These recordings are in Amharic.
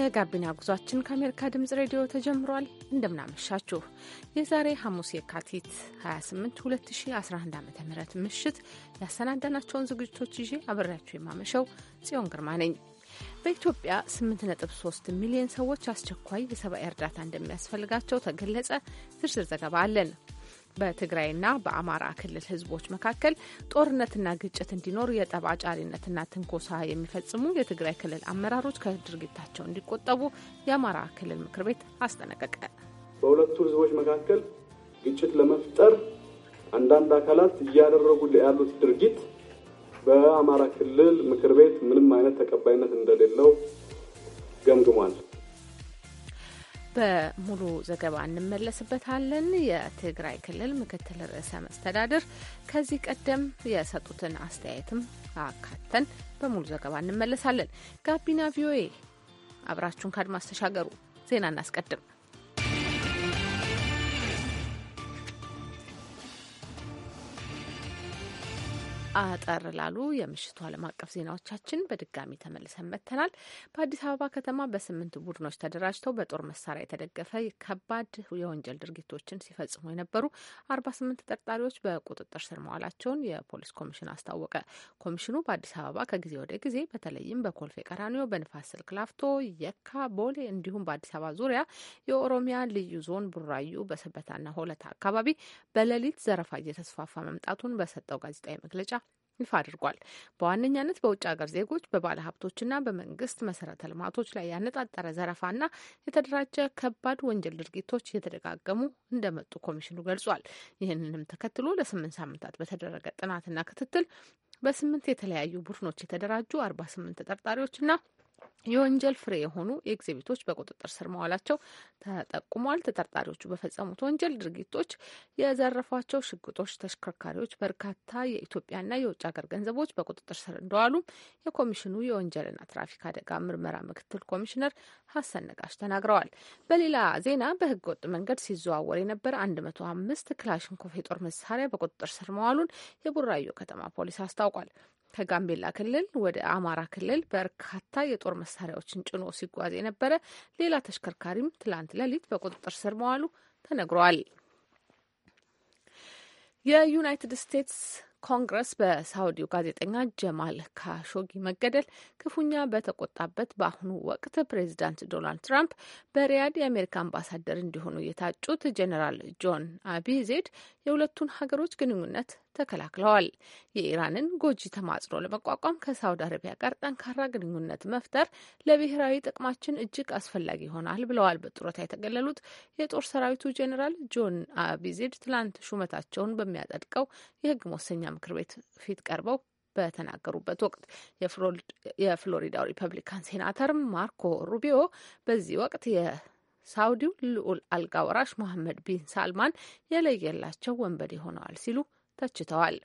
የጋቢና ጉዟችን ከአሜሪካ ድምጽ ሬዲዮ ተጀምሯል። እንደምናመሻችሁ የዛሬ ሐሙስ የካቲት 28 2011 ዓ ም ምሽት ያሰናዳናቸውን ዝግጅቶች ይዤ አብሬያችሁ የማመሸው ጽዮን ግርማ ነኝ። በኢትዮጵያ 8.3 ሚሊዮን ሰዎች አስቸኳይ የሰብአዊ እርዳታ እንደሚያስፈልጋቸው ተገለጸ። ዝርዝር ዘገባ አለን። በትግራይና በአማራ ክልል ህዝቦች መካከል ጦርነትና ግጭት እንዲኖር የጠብ አጫሪነትና ትንኮሳ የሚፈጽሙ የትግራይ ክልል አመራሮች ከድርጊታቸው እንዲቆጠቡ የአማራ ክልል ምክር ቤት አስጠነቀቀ። በሁለቱ ህዝቦች መካከል ግጭት ለመፍጠር አንዳንድ አካላት እያደረጉ ያሉት ድርጊት በአማራ ክልል ምክር ቤት ምንም አይነት ተቀባይነት እንደሌለው ገምግሟል። በሙሉ ዘገባ እንመለስበታለን። የትግራይ ክልል ምክትል ርዕሰ መስተዳድር ከዚህ ቀደም የሰጡትን አስተያየትም አካተን በሙሉ ዘገባ እንመለሳለን። ጋቢና ቪኦኤ አብራችሁን ከአድማስ ተሻገሩ። ዜና እናስቀድም። አጠር ላሉ የምሽቱ ዓለም አቀፍ ዜናዎቻችን በድጋሚ ተመልሰን መጥተናል። በአዲስ አበባ ከተማ በስምንት ቡድኖች ተደራጅተው በጦር መሳሪያ የተደገፈ ከባድ የወንጀል ድርጊቶችን ሲፈጽሙ የነበሩ አርባ ስምንት ተጠርጣሪዎች በቁጥጥር ስር መዋላቸውን የፖሊስ ኮሚሽን አስታወቀ። ኮሚሽኑ በአዲስ አበባ ከጊዜ ወደ ጊዜ በተለይም በኮልፌ ቀራኒዮ፣ በንፋስ ስልክ ላፍቶ፣ የካ፣ ቦሌ እንዲሁም በአዲስ አበባ ዙሪያ የኦሮሚያ ልዩ ዞን ቡራዩ፣ በሰበታና ሆለታ አካባቢ በሌሊት ዘረፋ እየተስፋፋ መምጣቱን በሰጠው ጋዜጣዊ መግለጫ ይፋ አድርጓል። በዋነኛነት በውጭ ሀገር ዜጎች በባለ በመንግስት መሰረተ ልማቶች ላይ ያነጣጠረ ዘረፋና የተደራጀ ከባድ ወንጀል ድርጊቶች እየተደጋገሙ እንደመጡ ኮሚሽኑ ገልጿል። ይህንንም ተከትሎ ለስምንት ሳምንታት በተደረገ ጥናትና ክትትል በስምንት የተለያዩ ቡድኖች የተደራጁ አርባ ስምንት ተጠርጣሪዎችና የወንጀል ፍሬ የሆኑ ኤግዚቢቶች በቁጥጥር ስር መዋላቸው ተጠቁሟል። ተጠርጣሪዎቹ በፈጸሙት ወንጀል ድርጊቶች የዘረፏቸው ሽጉጦች፣ ተሽከርካሪዎች፣ በርካታ የኢትዮጵያና የውጭ ሀገር ገንዘቦች በቁጥጥር ስር እንደዋሉ የኮሚሽኑ የወንጀልና ትራፊክ አደጋ ምርመራ ምክትል ኮሚሽነር ሀሰን ነጋሽ ተናግረዋል። በሌላ ዜና በህገወጥ መንገድ ሲዘዋወር የነበረ አንድ መቶ አምስት ክላሽንኮቭ የጦር መሳሪያ በቁጥጥር ስር መዋሉን የቡራዮ ከተማ ፖሊስ አስታውቋል። ከጋምቤላ ክልል ወደ አማራ ክልል በርካታ የጦር መሳሪያዎችን ጭኖ ሲጓዝ የነበረ ሌላ ተሽከርካሪም ትላንት ሌሊት በቁጥጥር ስር መዋሉ ተነግሯል። የዩናይትድ ስቴትስ ኮንግረስ በሳውዲው ጋዜጠኛ ጀማል ካሾጊ መገደል ክፉኛ በተቆጣበት በአሁኑ ወቅት ፕሬዚዳንት ዶናልድ ትራምፕ በሪያድ የአሜሪካ አምባሳደር እንዲሆኑ የታጩት ጀኔራል ጆን አቢዜድ የሁለቱን ሀገሮች ግንኙነት ተከላክለዋል። የኢራንን ጎጂ ተማጽኖ ለመቋቋም ከሳውዲ አረቢያ ጋር ጠንካራ ግንኙነት መፍጠር ለብሔራዊ ጥቅማችን እጅግ አስፈላጊ ይሆናል ብለዋል። በጡረታ የተገለሉት የጦር ሰራዊቱ ጄኔራል ጆን አቢዚድ ትላንት ሹመታቸውን በሚያጸድቀው የህግ መወሰኛ ምክር ቤት ፊት ቀርበው በተናገሩበት ወቅት የፍሎሪዳው ሪፐብሊካን ሴናተር ማርኮ ሩቢዮ በዚህ ወቅት የሳውዲው ልዑል አልጋ ወራሽ መሐመድ ቢን ሳልማን የለየላቸው ወንበዴ ሆነዋል ሲሉ ተችተዋል።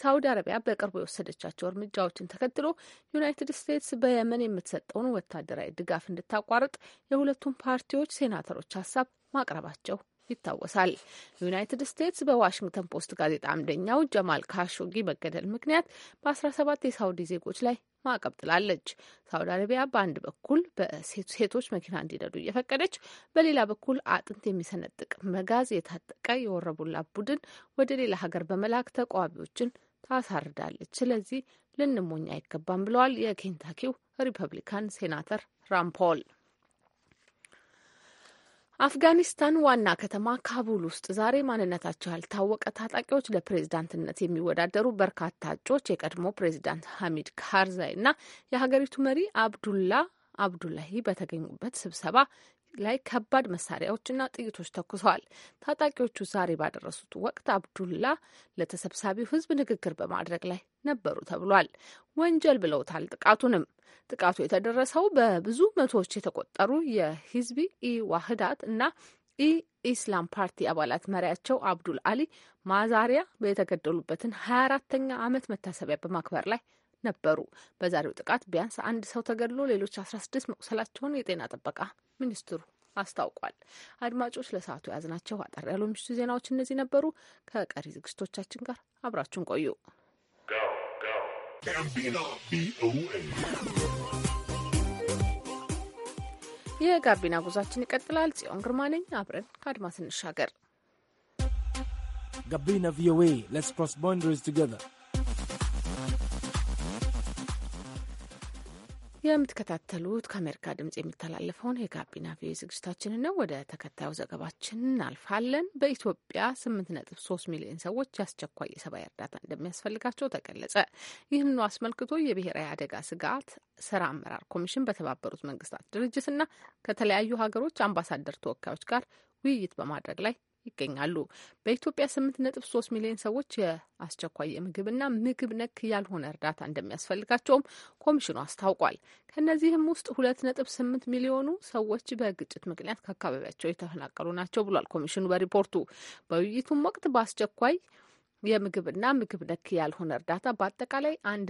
ሳውዲ አረቢያ በቅርቡ የወሰደቻቸው እርምጃዎችን ተከትሎ ዩናይትድ ስቴትስ በየመን የምትሰጠውን ወታደራዊ ድጋፍ እንድታቋርጥ የሁለቱም ፓርቲዎች ሴናተሮች ሀሳብ ማቅረባቸው ይታወሳል። ዩናይትድ ስቴትስ በዋሽንግተን ፖስት ጋዜጣ አምደኛው ጀማል ካሾጊ መገደል ምክንያት በ17 የሳውዲ ዜጎች ላይ ማዕቀብ ጥላለች። ሳውዲ አረቢያ በአንድ በኩል በሴቶች መኪና እንዲነዱ እየፈቀደች፣ በሌላ በኩል አጥንት የሚሰነጥቅ መጋዝ የታጠቀ የወረቡላ ቡድን ወደ ሌላ ሀገር በመላክ ተቃዋሚዎችን ታሳርዳለች። ስለዚህ ልንሞኝ አይገባም ብለዋል የኬንታኪው ሪፐብሊካን ሴናተር ራምፖል አፍጋኒስታን ዋና ከተማ ካቡል ውስጥ ዛሬ ማንነታቸው ያልታወቀ ታጣቂዎች ለፕሬዝዳንትነት የሚወዳደሩ በርካታ እጩዎች የቀድሞ ፕሬዝዳንት ሐሚድ ካርዛይ እና የሀገሪቱ መሪ አብዱላ አብዱላሂ በተገኙበት ስብሰባ ላይ ከባድ መሳሪያዎችና ጥይቶች ተኩሰዋል። ታጣቂዎቹ ዛሬ ባደረሱት ወቅት አብዱላ ለተሰብሳቢው ሕዝብ ንግግር በማድረግ ላይ ነበሩ ተብሏል። ወንጀል ብለውታል ጥቃቱንም። ጥቃቱ የተደረሰው በብዙ መቶዎች የተቆጠሩ የሂዝቢ ኢ ዋህዳት እና ኢስላም ፓርቲ አባላት መሪያቸው አብዱል አሊ ማዛሪያ የተገደሉበትን ሀያ አራተኛ ዓመት መታሰቢያ በማክበር ላይ ነበሩ። በዛሬው ጥቃት ቢያንስ አንድ ሰው ተገድሎ ሌሎች አስራ ስድስት መቁሰላቸውን የጤና ጥበቃ ሚኒስትሩ አስታውቋል። አድማጮች ለሰዓቱ የያዝናቸው አጠር ያሉ ምሽቱ ዜናዎች እነዚህ ነበሩ። ከቀሪ ዝግጅቶቻችን ጋር አብራችሁን ቆዩ። የጋቢና ጉዟችን ይቀጥላል። ጽዮን ግርማ ነኝ። አብረን ከአድማስ እንሻገር። ጋቢና ቪኦኤ ሌትስ ክሮስ ቦንደሪስ ቱጌዘር የምትከታተሉት ከአሜሪካ ድምጽ የሚተላለፈውን የጋቢና ቪ ዝግጅታችንን ነው። ወደ ተከታዩ ዘገባችን እናልፋለን። በኢትዮጵያ ስምንት ነጥብ ሶስት ሚሊዮን ሰዎች የአስቸኳይ የሰብአዊ እርዳታ እንደሚያስፈልጋቸው ተገለጸ። ይህንኑ አስመልክቶ የብሔራዊ አደጋ ስጋት ስራ አመራር ኮሚሽን በተባበሩት መንግስታት ድርጅትና ከተለያዩ ሀገሮች አምባሳደር ተወካዮች ጋር ውይይት በማድረግ ላይ ይገኛሉ። በኢትዮጵያ ስምንት ነጥብ ሚሊዮን ሰዎች የአስቸኳይ የምግብና ምግብ ነክ ያልሆነ እርዳታ እንደሚያስፈልጋቸውም ኮሚሽኑ አስታውቋል። ከእነዚህም ውስጥ ሁለት ነጥብ ሚሊዮኑ ሰዎች በግጭት ምክንያት ከአካባቢያቸው የተፈናቀሉ ናቸው ብሏል ኮሚሽኑ በሪፖርቱ። በውይይቱም ወቅት በአስቸኳይ የምግብና ምግብ ነክ ያልሆነ እርዳታ በአጠቃላይ አንድ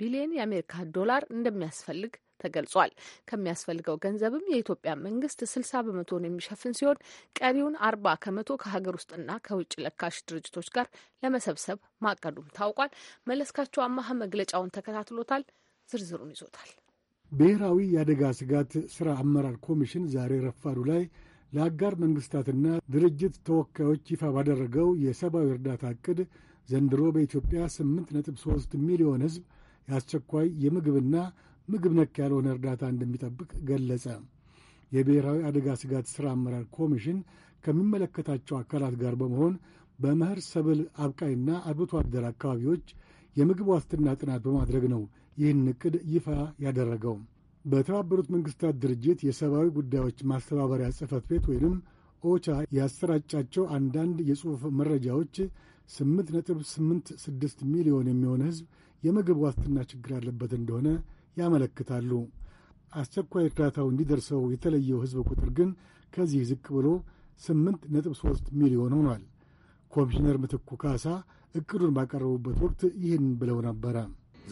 ቢሊዮን የአሜሪካ ዶላር እንደሚያስፈልግ ተገልጿል። ከሚያስፈልገው ገንዘብም የኢትዮጵያ መንግስት ስልሳ በመቶን የሚሸፍን ሲሆን ቀሪውን አርባ ከመቶ ከሀገር ውስጥና ከውጭ ለካሽ ድርጅቶች ጋር ለመሰብሰብ ማቀዱም ታውቋል። መለስካቸው አማሀ መግለጫውን ተከታትሎታል፣ ዝርዝሩን ይዞታል። ብሔራዊ የአደጋ ስጋት ሥራ አመራር ኮሚሽን ዛሬ ረፋዱ ላይ ለአጋር መንግስታትና ድርጅት ተወካዮች ይፋ ባደረገው የሰብአዊ እርዳታ እቅድ ዘንድሮ በኢትዮጵያ 8.3 ሚሊዮን ሕዝብ የአስቸኳይ የምግብና ምግብ ነክ ያልሆነ እርዳታ እንደሚጠብቅ ገለጸ። የብሔራዊ አደጋ ስጋት ሥራ አመራር ኮሚሽን ከሚመለከታቸው አካላት ጋር በመሆን በመኸር ሰብል አብቃይና አርብቶ አደር አካባቢዎች የምግብ ዋስትና ጥናት በማድረግ ነው ይህን ዕቅድ ይፋ ያደረገው። በተባበሩት መንግሥታት ድርጅት የሰብአዊ ጉዳዮች ማስተባበሪያ ጽሕፈት ቤት ወይም ኦቻ ያሰራጫቸው አንዳንድ የጽሑፍ መረጃዎች 8.86 ሚሊዮን የሚሆን ሕዝብ የምግብ ዋስትና ችግር ያለበት እንደሆነ ያመለክታሉ። አስቸኳይ እርዳታው እንዲደርሰው የተለየው ሕዝብ ቁጥር ግን ከዚህ ዝቅ ብሎ 8.3 ሚሊዮን ሆኗል። ኮሚሽነር ምትኩ ካሳ እቅዱን ባቀረቡበት ወቅት ይህን ብለው ነበረ።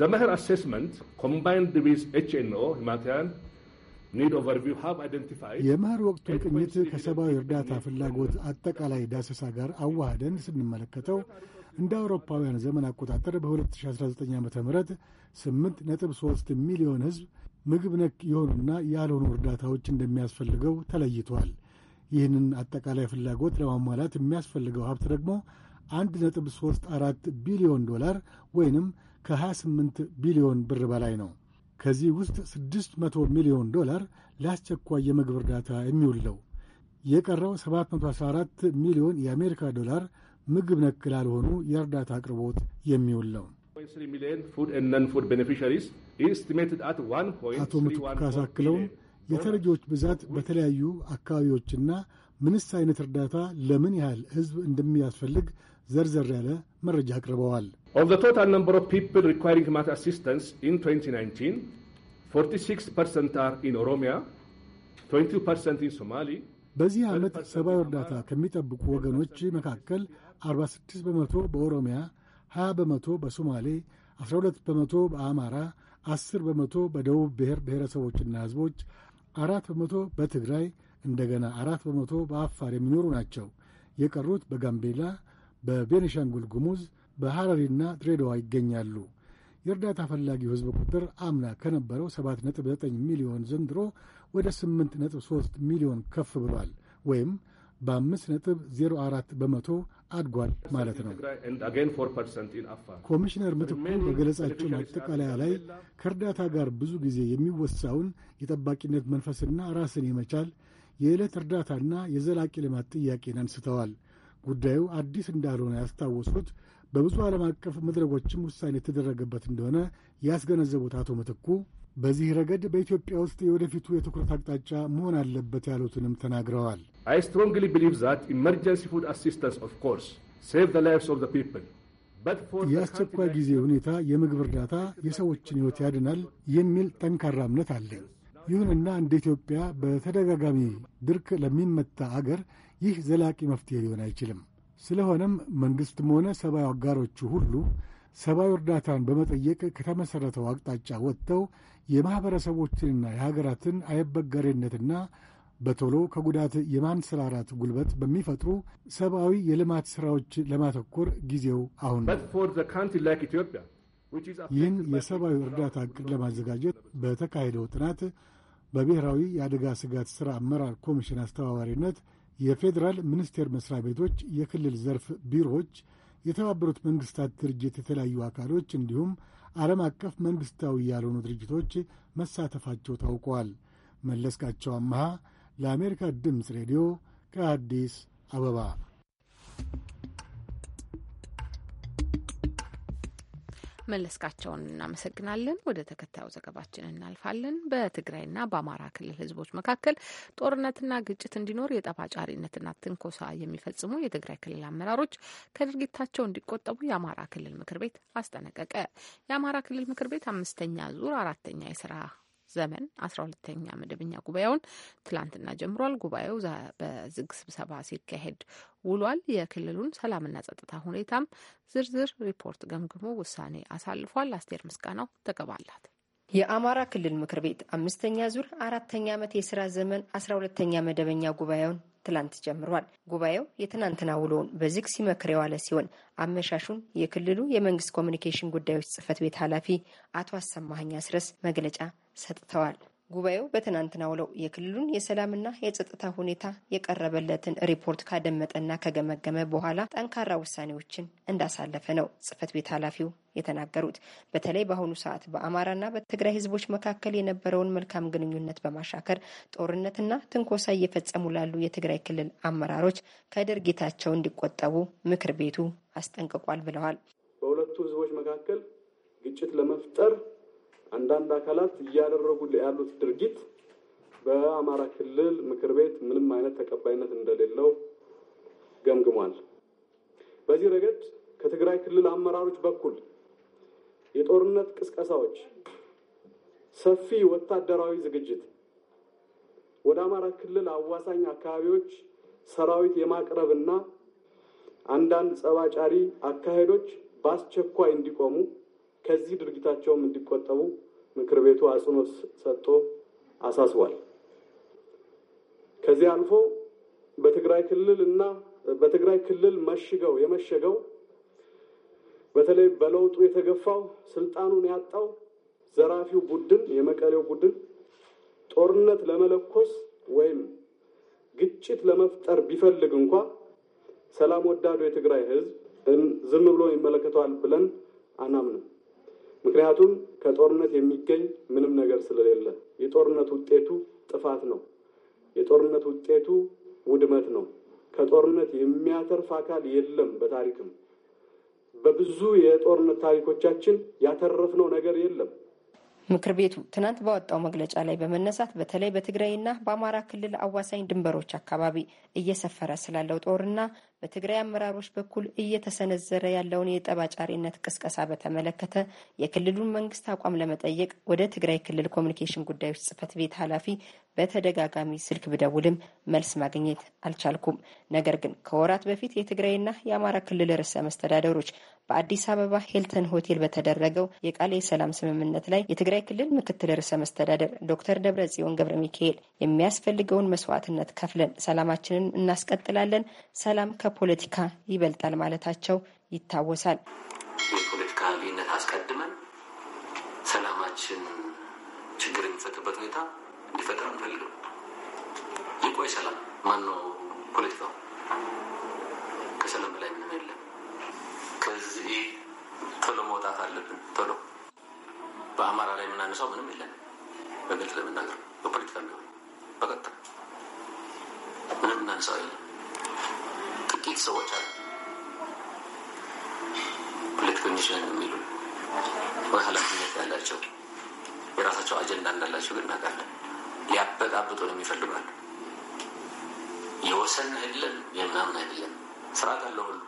ዘመህር አሴስመንት ኮምባይንድ ዊዝ ኤችኤንኦ ሂማትያን የመኸር ወቅቱን ቅኝት ከሰብአዊ እርዳታ ፍላጎት አጠቃላይ ዳሰሳ ጋር አዋህደን ስንመለከተው እንደ አውሮፓውያን ዘመን አቆጣጠር በ2019 ዓ ም 8.3 ሚሊዮን ህዝብ ምግብ ነክ የሆኑና ያልሆኑ እርዳታዎች እንደሚያስፈልገው ተለይቷል። ይህንን አጠቃላይ ፍላጎት ለማሟላት የሚያስፈልገው ሀብት ደግሞ 1.34 ቢሊዮን ዶላር ወይንም ከ28 ቢሊዮን ብር በላይ ነው። ከዚህ ውስጥ 600 ሚሊዮን ዶላር ለአስቸኳይ የምግብ እርዳታ የሚውል ነው። የቀረው 714 ሚሊዮን የአሜሪካ ዶላር ምግብ ነክ ላልሆኑ የእርዳታ አቅርቦት የሚውል ነው። አቶ ምትኩ አክለውም የተረጂዎች ብዛት በተለያዩ አካባቢዎችና ምንስ አይነት እርዳታ ለምን ያህል ሕዝብ እንደሚያስፈልግ ዘርዘር ያለ መረጃ አቅርበዋል። በዚህ ዓመት ሰብአዊ እርዳታ ከሚጠብቁ ወገኖች መካከል 46 በመቶ በኦሮሚያ፣ 20 በመቶ በሶማሌ፣ 12 በመቶ በአማራ፣ 10 በመቶ በደቡብ ብሔር ብሔረሰቦችና ሕዝቦች፣ አራት በመቶ በትግራይ እንደገና አራት በመቶ በአፋር የሚኖሩ ናቸው። የቀሩት በጋምቤላ፣ በቤኒሻንጉል ጉሙዝ፣ በሐረሪና ድሬዳዋ ይገኛሉ። የእርዳታ ፈላጊው ህዝብ ቁጥር አምና ከነበረው 7.9 ሚሊዮን ዘንድሮ ወደ 8.3 ሚሊዮን ከፍ ብሏል ወይም በ5.04 በመቶ አድጓል ማለት ነው። ኮሚሽነር ምትኩ በገለጻቸው ማጠቃለያ ላይ ከእርዳታ ጋር ብዙ ጊዜ የሚወሳውን የጠባቂነት መንፈስና ራስን የመቻል የዕለት እርዳታና የዘላቂ ልማት ጥያቄን አንስተዋል። ጉዳዩ አዲስ እንዳልሆነ ያስታወሱት በብዙ ዓለም አቀፍ መድረኮችም ውሳኔ የተደረገበት እንደሆነ ያስገነዘቡት አቶ ምትኩ በዚህ ረገድ በኢትዮጵያ ውስጥ የወደፊቱ የትኩረት አቅጣጫ መሆን አለበት ያሉትንም ተናግረዋል። አይ ስትሮንግሊ ቢሊቭ ዛት ኢመርጀንሲ ፉድ አሲስታንስ ኦፍ ኮርስ ሴቭ ዘ ላይቭስ ኦፍ ዘ ፒፕል የአስቸኳይ ጊዜ ሁኔታ የምግብ እርዳታ የሰዎችን ሕይወት ያድናል የሚል ጠንካራ እምነት አለኝ። ይሁንና እንደ ኢትዮጵያ በተደጋጋሚ ድርቅ ለሚመታ አገር ይህ ዘላቂ መፍትሄ ሊሆን አይችልም። ስለሆነም መንግሥትም ሆነ ሰብአዊ አጋሮቹ ሁሉ ሰብአዊ እርዳታን በመጠየቅ ከተመሠረተው አቅጣጫ ወጥተው የማኅበረሰቦችንና የሀገራትን አይበገሬነትና በቶሎ ከጉዳት የማንሰራራት ጉልበት በሚፈጥሩ ሰብአዊ የልማት ሥራዎች ለማተኮር ጊዜው አሁን ነው። ይህን የሰብአዊ እርዳታ ዕቅድ ለማዘጋጀት በተካሄደው ጥናት በብሔራዊ የአደጋ ስጋት ሥራ አመራር ኮሚሽን አስተባባሪነት የፌዴራል ሚኒስቴር መስሪያ ቤቶች፣ የክልል ዘርፍ ቢሮዎች፣ የተባበሩት መንግስታት ድርጅት የተለያዩ አካሎች እንዲሁም ዓለም አቀፍ መንግስታዊ ያልሆኑ ድርጅቶች መሳተፋቸው ታውቋል። መለስካቸው አመሃ ለአሜሪካ ድምፅ ሬዲዮ ከአዲስ አበባ መለስካቸውን እናመሰግናለን። ወደ ተከታዩ ዘገባችን እናልፋለን። በትግራይና በአማራ ክልል ህዝቦች መካከል ጦርነትና ግጭት እንዲኖር የጠባጫሪነትና ትንኮሳ የሚፈጽሙ የትግራይ ክልል አመራሮች ከድርጊታቸው እንዲቆጠቡ የአማራ ክልል ምክር ቤት አስጠነቀቀ። የአማራ ክልል ምክር ቤት አምስተኛ ዙር አራተኛ የስራ ዘመን አስራ ሁለተኛ መደበኛ ጉባኤውን ትላንትና ጀምሯል። ጉባኤው በዝግ ስብሰባ ሲካሄድ ውሏል። የክልሉን ሰላምና ጸጥታ ሁኔታም ዝርዝር ሪፖርት ገምግሞ ውሳኔ አሳልፏል። አስቴር ምስጋናው ዘገባ አላት። የአማራ ክልል ምክር ቤት አምስተኛ ዙር አራተኛ ዓመት የስራ ዘመን አስራ ሁለተኛ መደበኛ ጉባኤውን ትላንት ጀምሯል። ጉባኤው የትናንትና ውሎውን በዝግ ሲመክር የዋለ ሲሆን አመሻሹን የክልሉ የመንግስት ኮሚኒኬሽን ጉዳዮች ጽህፈት ቤት ኃላፊ አቶ አሰማኸኝ አስረስ መግለጫ ሰጥተዋል። ጉባኤው በትናንትናው ዕለት የክልሉን የሰላምና የጸጥታ ሁኔታ የቀረበለትን ሪፖርት ካደመጠና ከገመገመ በኋላ ጠንካራ ውሳኔዎችን እንዳሳለፈ ነው ጽህፈት ቤት ኃላፊው የተናገሩት። በተለይ በአሁኑ ሰዓት በአማራና በትግራይ ህዝቦች መካከል የነበረውን መልካም ግንኙነት በማሻከር ጦርነትና ትንኮሳ እየፈጸሙ ላሉ የትግራይ ክልል አመራሮች ከድርጊታቸው እንዲቆጠቡ ምክር ቤቱ አስጠንቅቋል ብለዋል። በሁለቱ ህዝቦች መካከል ግጭት ለመፍጠር አንዳንድ አካላት እያደረጉ ያሉት ድርጊት በአማራ ክልል ምክር ቤት ምንም አይነት ተቀባይነት እንደሌለው ገምግሟል። በዚህ ረገድ ከትግራይ ክልል አመራሮች በኩል የጦርነት ቅስቀሳዎች፣ ሰፊ ወታደራዊ ዝግጅት፣ ወደ አማራ ክልል አዋሳኝ አካባቢዎች ሰራዊት የማቅረብና አንዳንድ ጸባጫሪ አካሄዶች በአስቸኳይ እንዲቆሙ ከዚህ ድርጊታቸውም እንዲቆጠቡ ምክር ቤቱ አጽኖ ሰጥቶ አሳስቧል። ከዚህ አልፎ በትግራይ ክልል እና በትግራይ ክልል መሽገው የመሸገው በተለይ በለውጡ የተገፋው ስልጣኑን ያጣው ዘራፊው ቡድን የመቀሌው ቡድን ጦርነት ለመለኮስ ወይም ግጭት ለመፍጠር ቢፈልግ እንኳ ሰላም ወዳዱ የትግራይ ሕዝብ ዝም ብሎ ይመለከተዋል ብለን አናምንም። ምክንያቱም ከጦርነት የሚገኝ ምንም ነገር ስለሌለ የጦርነት ውጤቱ ጥፋት ነው። የጦርነት ውጤቱ ውድመት ነው። ከጦርነት የሚያተርፍ አካል የለም። በታሪክም በብዙ የጦርነት ታሪኮቻችን ያተረፍነው ነገር የለም። ምክር ቤቱ ትናንት ባወጣው መግለጫ ላይ በመነሳት በተለይ በትግራይና በአማራ ክልል አዋሳኝ ድንበሮች አካባቢ እየሰፈረ ስላለው ጦርና በትግራይ አመራሮች በኩል እየተሰነዘረ ያለውን የጠባጫሪነት ቅስቀሳ በተመለከተ የክልሉን መንግስት አቋም ለመጠየቅ ወደ ትግራይ ክልል ኮሚኒኬሽን ጉዳዮች ጽህፈት ቤት ኃላፊ በተደጋጋሚ ስልክ ብደውልም መልስ ማግኘት አልቻልኩም። ነገር ግን ከወራት በፊት የትግራይና የአማራ ክልል ርዕሰ መስተዳደሮች በአዲስ አበባ ሄልተን ሆቴል በተደረገው የቃለ የሰላም ስምምነት ላይ የትግራይ ክልል ምክትል ርዕሰ መስተዳደር ዶክተር ደብረ ጽዮን ገብረ ሚካኤል የሚያስፈልገውን መስዋዕትነት ከፍለን ሰላማችንን እናስቀጥላለን፣ ሰላም ከፖለቲካ ይበልጣል ማለታቸው ይታወሳል። የፖለቲካ ልዩነት አስቀድመን ሰላማችን ችግር የሚፈትበት ሁኔታ እንዲፈጠር አንፈልግም። የቆይ ሰላም ማነው? ፖለቲካው ከሰላም በላይ ምንም የለም። ከዚህ ቶሎ መውጣት አለብን። ቶሎ በአማራ ላይ የምናነሳው ምንም የለን። በግልጽ ለመናገር በፖለቲካ ቢሆን በቀጥታ ምንም እናነሳው የለን። ጥቂት ሰዎች አሉ ፖለቲከኞች ነን የሚሉ ወይ ኃላፊነት ያላቸው የራሳቸው አጀንዳ እንዳላቸው ግን እናውቃለን። ሊያበጣብጡን የሚፈልጋሉ። የወሰን አይደለም የምናምን አይደለም ስርዓት አለው ሁሉ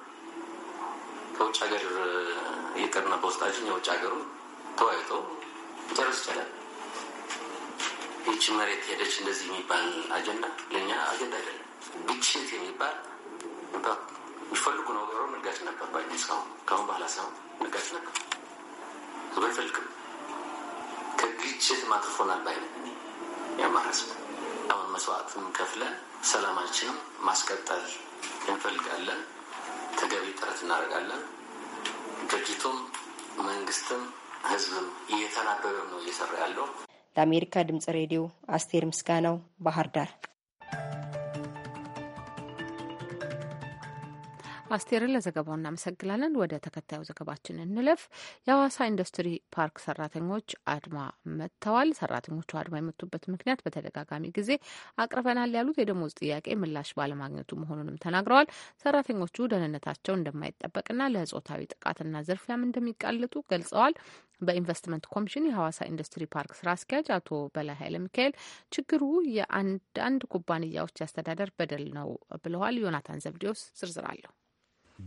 ከውጭ ሀገር ይቅርና በውስጣችን የውጭ ሀገሩ ተወያይቶ ጨርስ ይቻላል። ይቺ መሬት ሄደች እንደዚህ የሚባል አጀንዳ ለእኛ አጀንዳ አይደለም። ግጭት የሚባል የሚፈልጉ ነገሮ ንጋጭ ነበር። ባይ እስካሁን ከአሁን በኋላ ሳይሆን ንጋጭ ነበር አይፈልግም። ከግጭት ማትርፎናል ባይ ያማረስ አሁን መስዋዕትም ከፍለን ሰላማችንም ማስቀጠል እንፈልጋለን። ተገቢ ጥረት እናደርጋለን። ድርጅቱም መንግስትም ህዝብም እየተናበበም ነው እየሰራ ያለው። ለአሜሪካ ድምጽ ሬዲዮ አስቴር ምስጋናው ባህር ዳር። አስቴርን ለዘገባው እናመሰግናለን። ወደ ተከታዩ ዘገባችን እንለፍ። የሐዋሳ ኢንዱስትሪ ፓርክ ሰራተኞች አድማ መጥተዋል። ሰራተኞቹ አድማ የመቱበት ምክንያት በተደጋጋሚ ጊዜ አቅርበናል ያሉት የደሞዝ ጥያቄ ምላሽ ባለማግኘቱ መሆኑንም ተናግረዋል። ሰራተኞቹ ደህንነታቸው እንደማይጠበቅና ለጾታዊ ጥቃትና ዝርፊያም እንደሚቃለጡ ገልጸዋል። በኢንቨስትመንት ኮሚሽን የሐዋሳ ኢንዱስትሪ ፓርክ ስራ አስኪያጅ አቶ በላይ ኃይለ ሚካኤል ችግሩ የአንዳንድ ኩባንያዎች ያስተዳደር በደል ነው ብለዋል። ዮናታን ዘብዴዎስ ዝርዝር አለሁ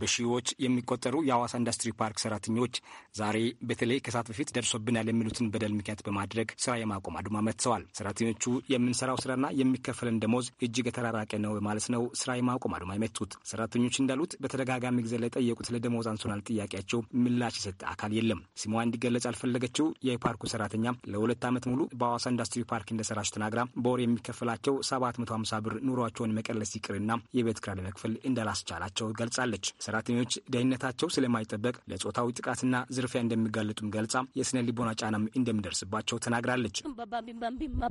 በሺዎች የሚቆጠሩ የአዋሳ ኢንዱስትሪ ፓርክ ሰራተኞች ዛሬ በተለይ ከሰዓት በፊት ደርሶብናል የሚሉትን በደል ምክንያት በማድረግ ስራ የማቆም አድማ መጥተዋል። ሰራተኞቹ የምንሰራው ስራና የሚከፈለን ደሞዝ እጅግ የተራራቀ ነው በማለት ነው ስራ የማቆም አድማ የመቱት። ሰራተኞች እንዳሉት በተደጋጋሚ ጊዜ ለጠየቁት ለደሞዝ አንሶናል ጥያቄያቸው ምላሽ የሰጠ አካል የለም። ስሟ እንዲገለጽ አልፈለገችው የፓርኩ ሰራተኛ ለሁለት ዓመት ሙሉ በአዋሳ ኢንዱስትሪ ፓርክ እንደሰራች ተናግራ በወር የሚከፈላቸው 750 ብር ኑሯቸውን መቀለስ ይቅርና የቤት ክራ ለመክፈል እንዳላስቻላቸው ገልጻለች። ሰራተኞች ደህንነታቸው ስለማይጠበቅ ለጾታዊ ጥቃትና ዝርፊያ እንደሚጋለጡም ገልጻ የስነ ልቦና ጫናም እንደሚደርስባቸው ተናግራለች።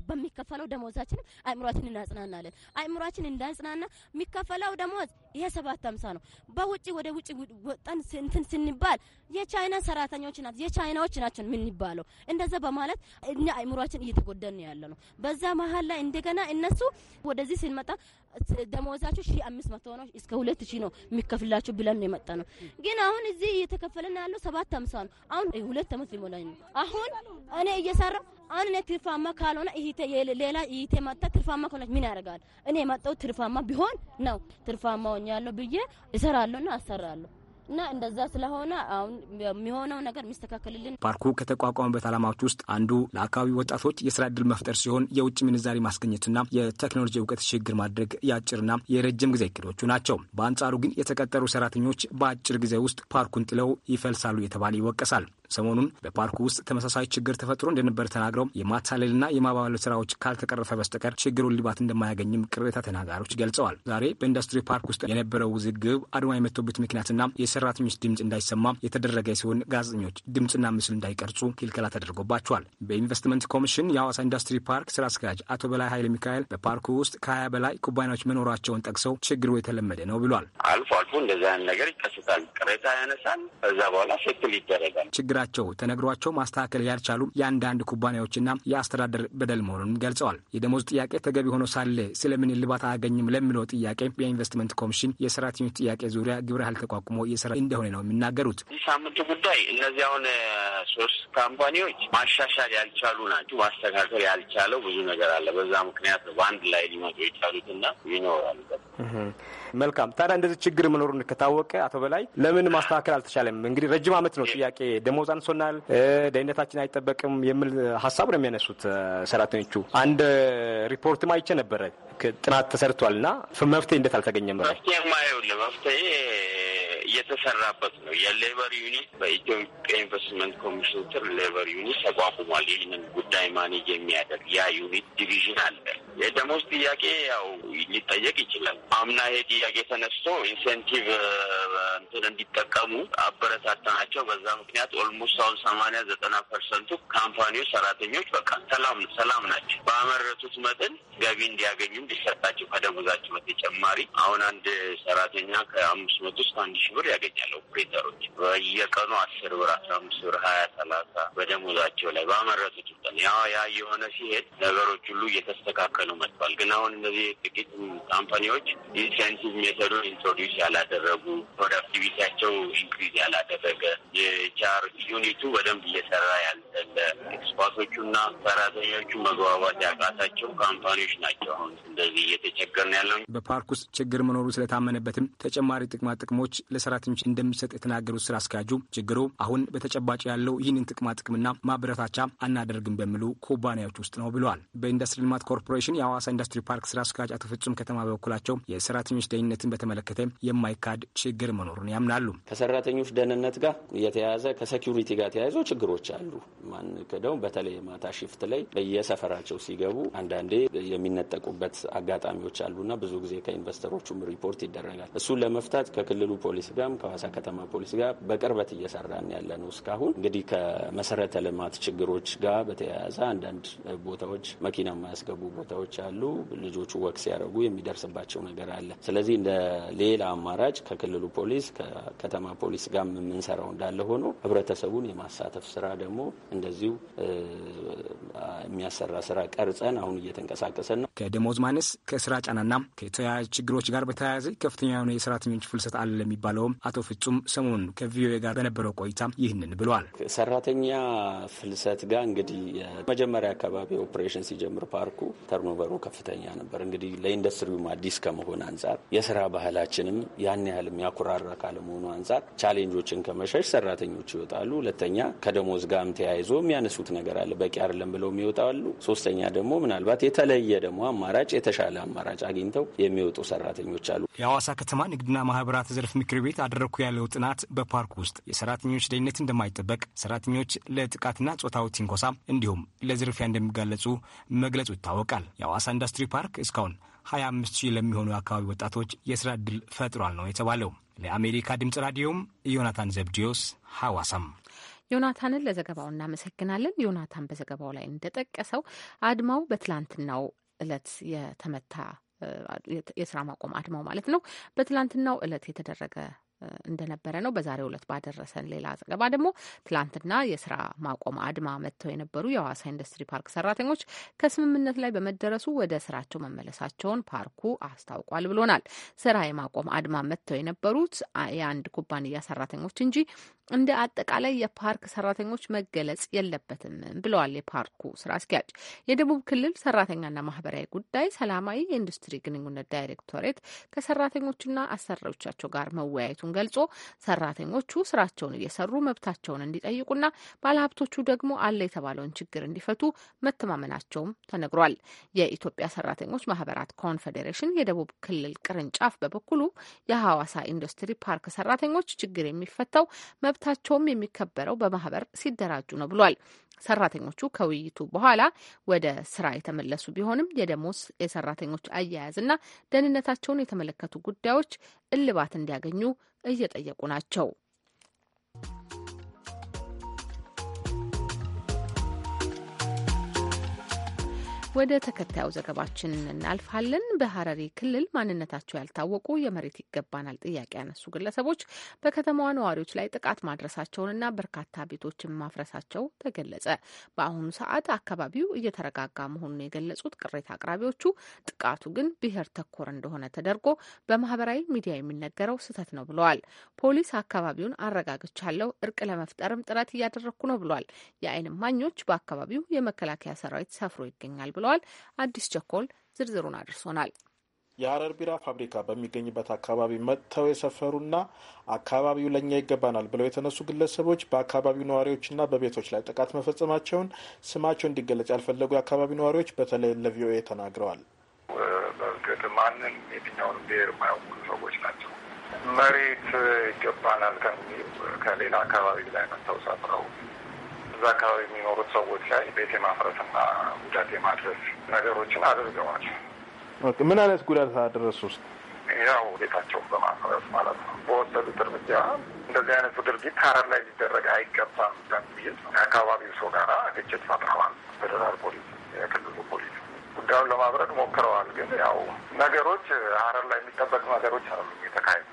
በሚከፈለው ደሞዛችንም አእምሯችን እናጽናናለን። አእምሯችን እንዳጽናና የሚከፈለው ደሞዝ ይሄ ሰባት ሀምሳ ነው። በውጭ ወደ ውጭ ወጣን እንትን ስንባል የቻይና ሰራተኞች ናት የቻይናዎች ናቸው የምንባለው እንደዛ በማለት እኛ አይምሯችን እየተጎዳን ያለ ነው። በዛ መሀል ላይ እንደገና እነሱ ወደዚህ ስንመጣ ደሞዛችሁ ሺ አምስት መቶ ነው እስከ ሁለት ሺ ነው የሚከፍላችሁ ብለን የመጣ ነው። ግን አሁን እዚህ እየተከፈለን ያለው ሰባት ሀምሳ ነው። አሁን ሁለት አመት ሊሞላኝ ነው አሁን እኔ እየሰራ አንድ ትርፋማ ካልሆነ ይሄ ሌላ ይሄ መጣ ትርፋማ ከሆነች ምን ያደርጋል? እኔ የመጣው ትርፋማ ቢሆን ነው። ትርፋማ ሆኛለሁ ብዬ እሰራለሁና አሰራለሁ። እና እንደዛ ስለሆነ አሁን የሚሆነው ነገር የሚስተካከልልን። ፓርኩ ከተቋቋመበት ዓላማዎች ውስጥ አንዱ ለአካባቢ ወጣቶች የስራ እድል መፍጠር ሲሆን የውጭ ምንዛሪ ማስገኘትና የቴክኖሎጂ እውቀት ሽግግር ማድረግ የአጭርና የረጅም ጊዜ እቅዶቹ ናቸው። በአንጻሩ ግን የተቀጠሩ ሰራተኞች በአጭር ጊዜ ውስጥ ፓርኩን ጥለው ይፈልሳሉ የተባለ ይወቀሳል። ሰሞኑን በፓርኩ ውስጥ ተመሳሳይ ችግር ተፈጥሮ እንደነበረ ተናግረው የማታለልና የማባበል ስራዎች ካልተቀረፈ በስተቀር ችግሩን ሊባት እንደማያገኝም ቅሬታ ተናጋሪዎች ገልጸዋል። ዛሬ በኢንዱስትሪ ፓርክ ውስጥ የነበረው ውዝግብ አድማ የመቶበት ምክንያትና የሰራተኞች ድምፅ እንዳይሰማ የተደረገ ሲሆን ጋዜጠኞች ድምፅና ምስል እንዳይቀርጹ ክልከላ ተደርጎባቸዋል። በኢንቨስትመንት ኮሚሽን የሐዋሳ ኢንዱስትሪ ፓርክ ስራ አስኪያጅ አቶ በላይ ኃይለ ሚካኤል በፓርኩ ውስጥ ከሀያ በላይ ኩባንያዎች መኖራቸውን ጠቅሰው ችግሩ የተለመደ ነው ብሏል። አልፎ አልፎ እንደዚህ አይነት ነገር ይከሰታል። ቅሬታ ያነሳል። ከዛ በኋላ ስክል ይደረጋል። ችግራቸው ተነግሯቸው ማስተካከል ያልቻሉ የአንዳንድ ኩባንያዎችና የአስተዳደር በደል መሆኑን ገልጸዋል። የደሞዝ ጥያቄ ተገቢ ሆኖ ሳለ ስለምን እልባት አያገኝም ለሚለው ጥያቄ የኢንቨስትመንት ኮሚሽን የሰራተኞች ጥያቄ ዙሪያ ግብረ ኃይል ተቋቁሞ እየተሰራ እንደሆነ ነው የሚናገሩት። ይህ ሳምንቱ ጉዳይ እነዚህ አሁን ሶስት ካምፓኒዎች ማሻሻል ያልቻሉ ናቸው። ማስተካከል ያልቻለው ብዙ ነገር አለ። በዛ ምክንያት ነው በአንድ ላይ ሊመጡ የቻሉትና ይኖራል። መልካም ታዲያ እንደዚህ ችግር መኖሩን ከታወቀ አቶ በላይ ለምን ማስተካከል አልተቻለም? እንግዲህ ረጅም ዓመት ነው ጥያቄ። ደሞዝ አንሶናል፣ ደህንነታችን አይጠበቅም የሚል ሀሳቡ ነው የሚያነሱት ሰራተኞቹ። አንድ ሪፖርትም አይቼ ነበረ ጥናት ተሰርቷል እና መፍትሄ እንዴት አልተገኘም? መፍትሄ ማየውል መፍትሄ እየተሰራበት ነው። የሌበር ዩኒት በኢትዮጵያ ኢንቨስትመንት ኮሚሽን ስር ሌበር ዩኒት ተቋቁሟል። ይህንን ጉዳይ ማኔጅ የሚያደርግ ያ ዩኒት ዲቪዥን አለ። የደሞዝ ጥያቄ ያው ሊጠየቅ ይችላል። አምና ይሄ ጥያቄ ተነስቶ ኢንሴንቲቭ እንትን እንዲጠቀሙ አበረታተናቸው። በዛ ምክንያት ኦልሞስት አሁን ሰማንያ ዘጠና ፐርሰንቱ ካምፓኒዎች ሰራተኞች በቃ ሰላም ሰላም ናቸው። ባመረቱት መጠን ገቢ እንዲያገኙ እንዲሰጣቸው ከደሞዛቸው በተጨማሪ አሁን አንድ ሰራተኛ ከአምስት መቶ እስከ አንድ ሺ ብር ያገኛሉ ኦፕሬተሮች በየቀኑ አስር ብር፣ አስራ አምስት ብር፣ ሀያ ሰላሳ በደሞዛቸው ላይ ባመረቱት ቀን ያ ያ የሆነ ሲሄድ ነገሮች ሁሉ እየተስተካከሉ መጥቷል። ግን አሁን እነዚህ ጥቂት ካምፓኒዎች ኢንሴንቲቭ ሜቶዱን ኢንትሮዲውስ ያላደረጉ ፕሮዳክቲቪቲያቸው ኢንክሪዝ ያላደረገ የቻር ዩኒቱ በደንብ እየሰራ ያልተለ ኤክስፓርቶቹና ሰራተኞቹ መግባባት ያቃታቸው ካምፓኒዎች ናቸው። አሁን እንደዚህ እየተቸገርን ያለው በፓርክ ውስጥ ችግር መኖሩ ስለታመነበትም ተጨማሪ ጥቅማ ጥቅሞች ለሰ ሰራተኞች እንደሚሰጥ የተናገሩት ስራ አስኪያጁ ችግሩ አሁን በተጨባጭ ያለው ይህንን ጥቅማ ጥቅምና ማበረታቻ አናደርግም በሚሉ ኩባንያዎች ውስጥ ነው ብለዋል። በኢንዱስትሪ ልማት ኮርፖሬሽን የሐዋሳ ኢንዱስትሪ ፓርክ ስራ አስኪያጅ አቶ ፍጹም ከተማ በበኩላቸው የሰራተኞች ደህንነትን በተመለከተ የማይካድ ችግር መኖሩን ያምናሉ። ከሰራተኞች ደህንነት ጋር የተያያዘ ከሴኪሪቲ ጋር ተያይዞ ችግሮች አሉ። ማን ክደው በተለይ ማታ ሽፍት ላይ በየሰፈራቸው ሲገቡ አንዳንዴ የሚነጠቁበት አጋጣሚዎች አሉና ብዙ ጊዜ ከኢንቨስተሮቹም ሪፖርት ይደረጋል። እሱን ለመፍታት ከክልሉ ፖሊስ ጋም ከሀዋሳ ከተማ ፖሊስ ጋር በቅርበት እየሰራን ያለ ነው። እስካሁን እንግዲህ ከመሰረተ ልማት ችግሮች ጋር በተያያዘ አንዳንድ ቦታዎች መኪና የማያስገቡ ቦታዎች አሉ። ልጆቹ ወቅ ሲያደርጉ የሚደርስባቸው ነገር አለ። ስለዚህ እንደ ሌላ አማራጭ ከክልሉ ፖሊስ ከከተማ ፖሊስ ጋር የምንሰራው እንዳለ ሆኖ ህብረተሰቡን የማሳተፍ ስራ ደግሞ እንደዚሁ የሚያሰራ ስራ ቀርጸን አሁን እየተንቀሳቀሰን ነው። ከደሞዝ ማነስ ከስራ ጫናና ከተያያዙ ችግሮች ጋር በተያያዘ ከፍተኛ የሆነ የሰራተኞች ፍልሰት አለ ለሚባለው አቶ ፍጹም ሰሞኑን ከቪኦኤ ጋር በነበረው ቆይታ ይህንን ብለዋል። ሰራተኛ ፍልሰት ጋር እንግዲህ መጀመሪያ አካባቢ ኦፕሬሽን ሲጀምር ፓርኩ ተርኖቨሩ ከፍተኛ ነበር። እንግዲህ ለኢንዱስትሪውም አዲስ ከመሆን አንጻር የስራ ባህላችንም ያን ያህል የሚያኩራራ ካለመሆኑ አንጻር ቻሌንጆችን ከመሸሽ ሰራተኞች ይወጣሉ። ሁለተኛ ከደሞዝ ጋርም ተያይዞ የሚያነሱት ነገር አለ። በቂ አይደለም ብለው ይወጣሉ። ሶስተኛ ደግሞ ምናልባት የተለየ ደግሞ አማራጭ የተሻለ አማራጭ አግኝተው የሚወጡ ሰራተኞች አሉ። የሐዋሳ ከተማ ንግድና ማህበራት ዘርፍ ምክር ቤት አደረግኩ ያለው ጥናት በፓርክ ውስጥ የሰራተኞች ደህንነት እንደማይጠበቅ፣ ሰራተኞች ለጥቃትና ጾታዊ ትንኮሳ እንዲሁም ለዝርፊያ እንደሚጋለጹ መግለጹ ይታወቃል። የአዋሳ ኢንዱስትሪ ፓርክ እስካሁን 25 ሺህ ለሚሆኑ አካባቢ ወጣቶች የስራ እድል ፈጥሯል ነው የተባለው። ለአሜሪካ ድምጽ ራዲዮም ዮናታን ዘብዲዮስ ሐዋሳም። ዮናታንን ለዘገባው እናመሰግናለን። ዮናታን በዘገባው ላይ እንደጠቀሰው አድማው በትላንትናው ዕለት የተመታ የስራ ማቆም አድማው ማለት ነው። በትላንትናው ዕለት የተደረገ እንደነበረ ነው። በዛሬው ዕለት ባደረሰን ሌላ ዘገባ ደግሞ ትላንትና የስራ ማቆም አድማ መጥተው የነበሩ የሐዋሳ ኢንዱስትሪ ፓርክ ሰራተኞች ከስምምነት ላይ በመደረሱ ወደ ስራቸው መመለሳቸውን ፓርኩ አስታውቋል ብሎናል። ስራ የማቆም አድማ መጥተው የነበሩት የአንድ ኩባንያ ሰራተኞች እንጂ እንደ አጠቃላይ የፓርክ ሰራተኞች መገለጽ የለበትም ብለዋል የፓርኩ ስራ አስኪያጅ። የደቡብ ክልል ሰራተኛና ማህበራዊ ጉዳይ ሰላማዊ የኢንዱስትሪ ግንኙነት ዳይሬክቶሬት ከሰራተኞችና አሰሪዎቻቸው ጋር መወያየቱን ገልጾ ሰራተኞቹ ስራቸውን እየሰሩ መብታቸውን እንዲጠይቁና ባለሀብቶቹ ደግሞ አለ የተባለውን ችግር እንዲፈቱ መተማመናቸውም ተነግሯል። የኢትዮጵያ ሰራተኞች ማህበራት ኮንፌዴሬሽን የደቡብ ክልል ቅርንጫፍ በበኩሉ የሐዋሳ ኢንዱስትሪ ፓርክ ሰራተኞች ችግር የሚፈታው መብታቸውም የሚከበረው በማህበር ሲደራጁ ነው ብሏል። ሰራተኞቹ ከውይይቱ በኋላ ወደ ስራ የተመለሱ ቢሆንም የደሞዝ የሰራተኞች አያያዝና ደህንነታቸውን የተመለከቱ ጉዳዮች እልባት እንዲያገኙ እየጠየቁ ናቸው። ወደ ተከታዩ ዘገባችን እናልፋለን። በሀረሪ ክልል ማንነታቸው ያልታወቁ የመሬት ይገባናል ጥያቄ ያነሱ ግለሰቦች በከተማዋ ነዋሪዎች ላይ ጥቃት ማድረሳቸውንና በርካታ ቤቶችን ማፍረሳቸው ተገለጸ። በአሁኑ ሰዓት አካባቢው እየተረጋጋ መሆኑን የገለጹት ቅሬታ አቅራቢዎቹ ጥቃቱ ግን ብሔር ተኮር እንደሆነ ተደርጎ በማህበራዊ ሚዲያ የሚነገረው ስህተት ነው ብለዋል። ፖሊስ አካባቢውን አረጋግቻለሁ፣ እርቅ ለመፍጠርም ጥረት እያደረግኩ ነው ብሏል። የዓይን እማኞች በአካባቢው የመከላከያ ሰራዊት ሰፍሮ ይገኛል ብለዋል። ብለዋል። አዲስ ቸኮል ዝርዝሩን አድርሶናል። የሀረር ቢራ ፋብሪካ በሚገኝበት አካባቢ መጥተው የሰፈሩና አካባቢው ለእኛ ይገባናል ብለው የተነሱ ግለሰቦች በአካባቢው ነዋሪዎችና በቤቶች ላይ ጥቃት መፈጸማቸውን ስማቸው እንዲገለጽ ያልፈለጉ የአካባቢው ነዋሪዎች በተለይ ለቪኦኤ ተናግረዋል። በእርግጥ ማንም የትኛውን ብሔር የማያውቁ ሰዎች ናቸው። መሬት ይገባናል ከሌላ አካባቢ ላይ መጥተው ሰፍረው እዛ አካባቢ የሚኖሩት ሰዎች ላይ ቤት የማፍረስና ጉዳት የማድረስ ነገሮችን አድርገዋል። ምን አይነት ጉዳት አደረሱ? ውስጥ ያው ቤታቸውን በማፍረስ ማለት ነው። በወሰዱት እርምጃ እንደዚህ አይነቱ ድርጊት ሀረር ላይ ሊደረግ አይገባም በሚል ከአካባቢው ሰው ጋር ግጭት ፈጥረዋል። ፌደራል ፖሊስ፣ የክልሉ ፖሊስ ጉዳዩን ለማብረድ ሞክረዋል። ግን ያው ነገሮች ሀረር ላይ የሚጠበቅ ነገሮች አሉ የተካሄዱ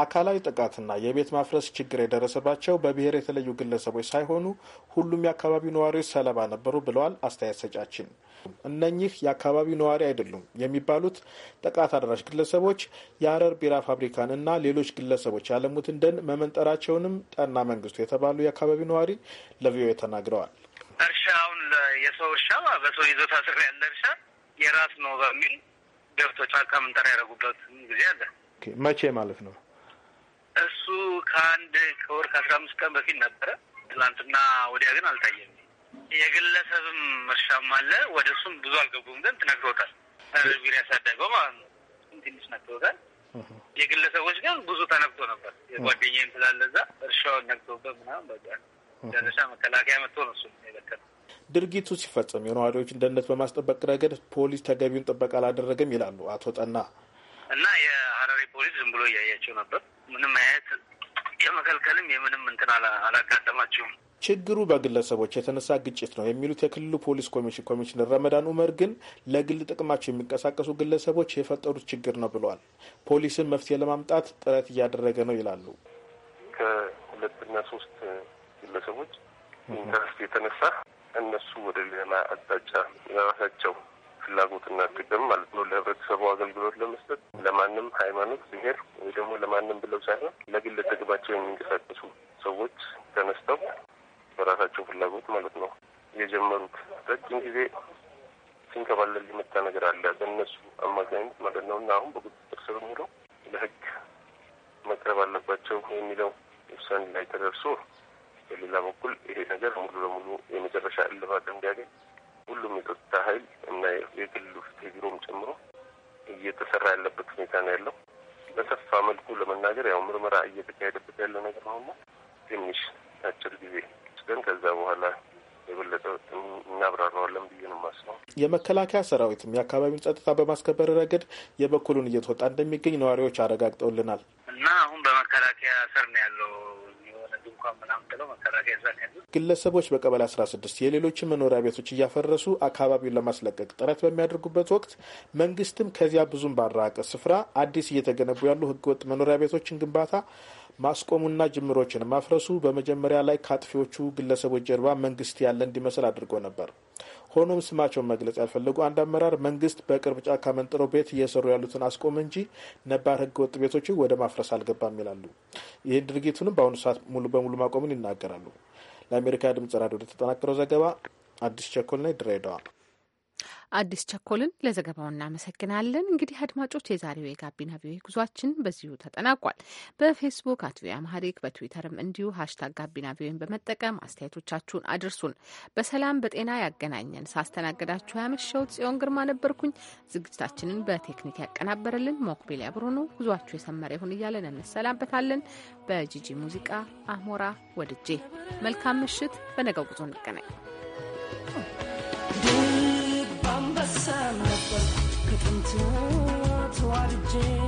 አካላዊ ጥቃትና የቤት ማፍረስ ችግር የደረሰባቸው በብሔር የተለዩ ግለሰቦች ሳይሆኑ ሁሉም የአካባቢው ነዋሪዎች ሰለባ ነበሩ ብለዋል አስተያየት ሰጫችን። እነኚህ የአካባቢው ነዋሪ አይደሉም የሚባሉት ጥቃት አድራሽ ግለሰቦች የሀረር ቢራ ፋብሪካን እና ሌሎች ግለሰቦች ያለሙትን ደን መመንጠራቸውንም ጠና መንግስቱ የተባሉ የአካባቢው ነዋሪ ለቪኦኤ ተናግረዋል። እርሻ አሁን የሰው እርሻ በሰው ይዞታ ስር ያለ እርሻ የራስ ነው በሚል ገብቶ ጫካ ምንጠራ ያደረጉበት ጊዜ አለ። መቼ ማለት ነው? እሱ ከአንድ ከወር ከአስራ አምስት ቀን በፊት ነበረ። ትላንትና ወዲያ ግን አልታየም። የግለሰብም እርሻም አለ። ወደ እሱም ብዙ አልገቡም፣ ግን ትነግሮታል። ቢር ያሳደገው ማለት ነው። ትንሽ ነግሮታል። የግለሰቦች ግን ብዙ ተነግቶ ነበር። የጓደኛዬም ስላለ እዛ እርሻውን ነግቶበት ምናምን በቃ ደረሻ መከላከያ መጥቶ ነው እሱ የበከነ ድርጊቱ ሲፈጸም የነዋሪዎችን ደህንነት በማስጠበቅ ረገድ ፖሊስ ተገቢውን ጥበቃ አላደረገም ይላሉ አቶ ጠና። እና የሀረሪ ፖሊስ ዝም ብሎ እያያቸው ነበር ምንም አይነት የመከልከልም የምንም እንትን አላጋጠማቸውም። ችግሩ በግለሰቦች የተነሳ ግጭት ነው የሚሉት የክልሉ ፖሊስ ኮሚሽን ኮሚሽነር ረመዳን ኡመር ግን ለግል ጥቅማቸው የሚንቀሳቀሱ ግለሰቦች የፈጠሩት ችግር ነው ብለዋል። ፖሊስን መፍትሄ ለማምጣት ጥረት እያደረገ ነው ይላሉ። ከሁለትና ሶስት ግለሰቦች ኢንተረስት የተነሳ እነሱ ወደ ሌላ አቅጣጫ የራሳቸው ፍላጎትና ጥቅም ማለት ነው ለህብረተሰቡ አገልግሎት ለመስጠት ለማንም ሃይማኖት፣ ብሔር ወይ ደግሞ ለማንም ብለው ሳይሆን ለግል ጥቅማቸው የሚንቀሳቀሱ ሰዎች ተነስተው በራሳቸው ፍላጎት ማለት ነው የጀመሩት ረጅም ጊዜ ሲንከባለል የመጣ ነገር አለ በእነሱ አማካኝነት ማለት ነው እና አሁን በቁጥጥር ስር ውለው ለህግ መቅረብ አለባቸው የሚለው ውሳኔ ላይ ተደርሶ በሌላ በኩል ይሄ ነገር ሙሉ ለሙሉ የመጨረሻ እልባት እንዲያገኝ ሁሉም የጸጥታ ኃይል እና የግሉ ፍትህ ቢሮም ጨምሮ እየተሰራ ያለበት ሁኔታ ነው ያለው። በሰፋ መልኩ ለመናገር ያው ምርመራ እየተካሄደበት ያለ ነገር ነውና ትንሽ አጭር ጊዜ ወስደን ከዛ በኋላ የበለጠ እናብራራዋለን ብዬ ነው የማስበው። የመከላከያ ሰራዊትም የአካባቢውን ጸጥታ በማስከበር ረገድ የበኩሉን እየተወጣ እንደሚገኝ ነዋሪዎች አረጋግጠውልናል። እና አሁን በመከላከያ ስር ነው ያለው ምናምን ብለው መከራከያ ይዘን ያሉት ግለሰቦች በቀበሌ አስራ ስድስት መኖሪያ ቤቶች እያፈረሱ አካባቢውን ለማስለቀቅ ጥረት በሚያደርጉበት ወቅት መንግስትም ከዚያ ብዙም ባራቀ ስፍራ አዲስ እየተገነቡ ያሉ ህገወጥ መኖሪያ ቤቶችን ግንባታ ማስቆሙና ጅምሮችን ማፍረሱ በመጀመሪያ ላይ ከአጥፊዎቹ ግለሰቦች ጀርባ መንግስት ያለ እንዲመስል አድርጎ ነበር። ሆኖም ስማቸውን መግለጽ ያልፈለጉ አንድ አመራር መንግስት በቅርብ ጫካ መንጥሮ ቤት እየሰሩ ያሉትን አስቆም እንጂ ነባር ህገ ወጥ ቤቶች ወደ ማፍረስ አልገባም ይላሉ። ይህን ድርጊቱንም በአሁኑ ሰዓት ሙሉ በሙሉ ማቆምን ይናገራሉ። ለአሜሪካ ድምጽ ራዲዮ ለተጠናከረው ዘገባ አዲስ ቸኮልና ድሬዳዋ አዲስ ቸኮልን ለዘገባው እናመሰግናለን። እንግዲህ አድማጮች የዛሬው የጋቢና ቪኦኤ ጉዟችን በዚሁ ተጠናቋል። በፌስቡክ አት ቪኦኤ አማሪክ በትዊተርም እንዲሁ ሀሽታግ ጋቢና ቪኦኤን በመጠቀም አስተያየቶቻችሁን አድርሱን። በሰላም በጤና ያገናኘን። ሳስተናግዳችሁ ያመሸሁት ጽዮን ግርማ ነበርኩኝ። ዝግጅታችንን በቴክኒክ ያቀናበረልን ሞክቤል ያብሮ ነው። ጉዟችሁ የሰመረ ይሁን እያለን እንሰላበታለን። በጂጂ ሙዚቃ አሞራ ወድጄ መልካም ምሽት። በነገው ጉዞ እንገናኝ። Into towards what it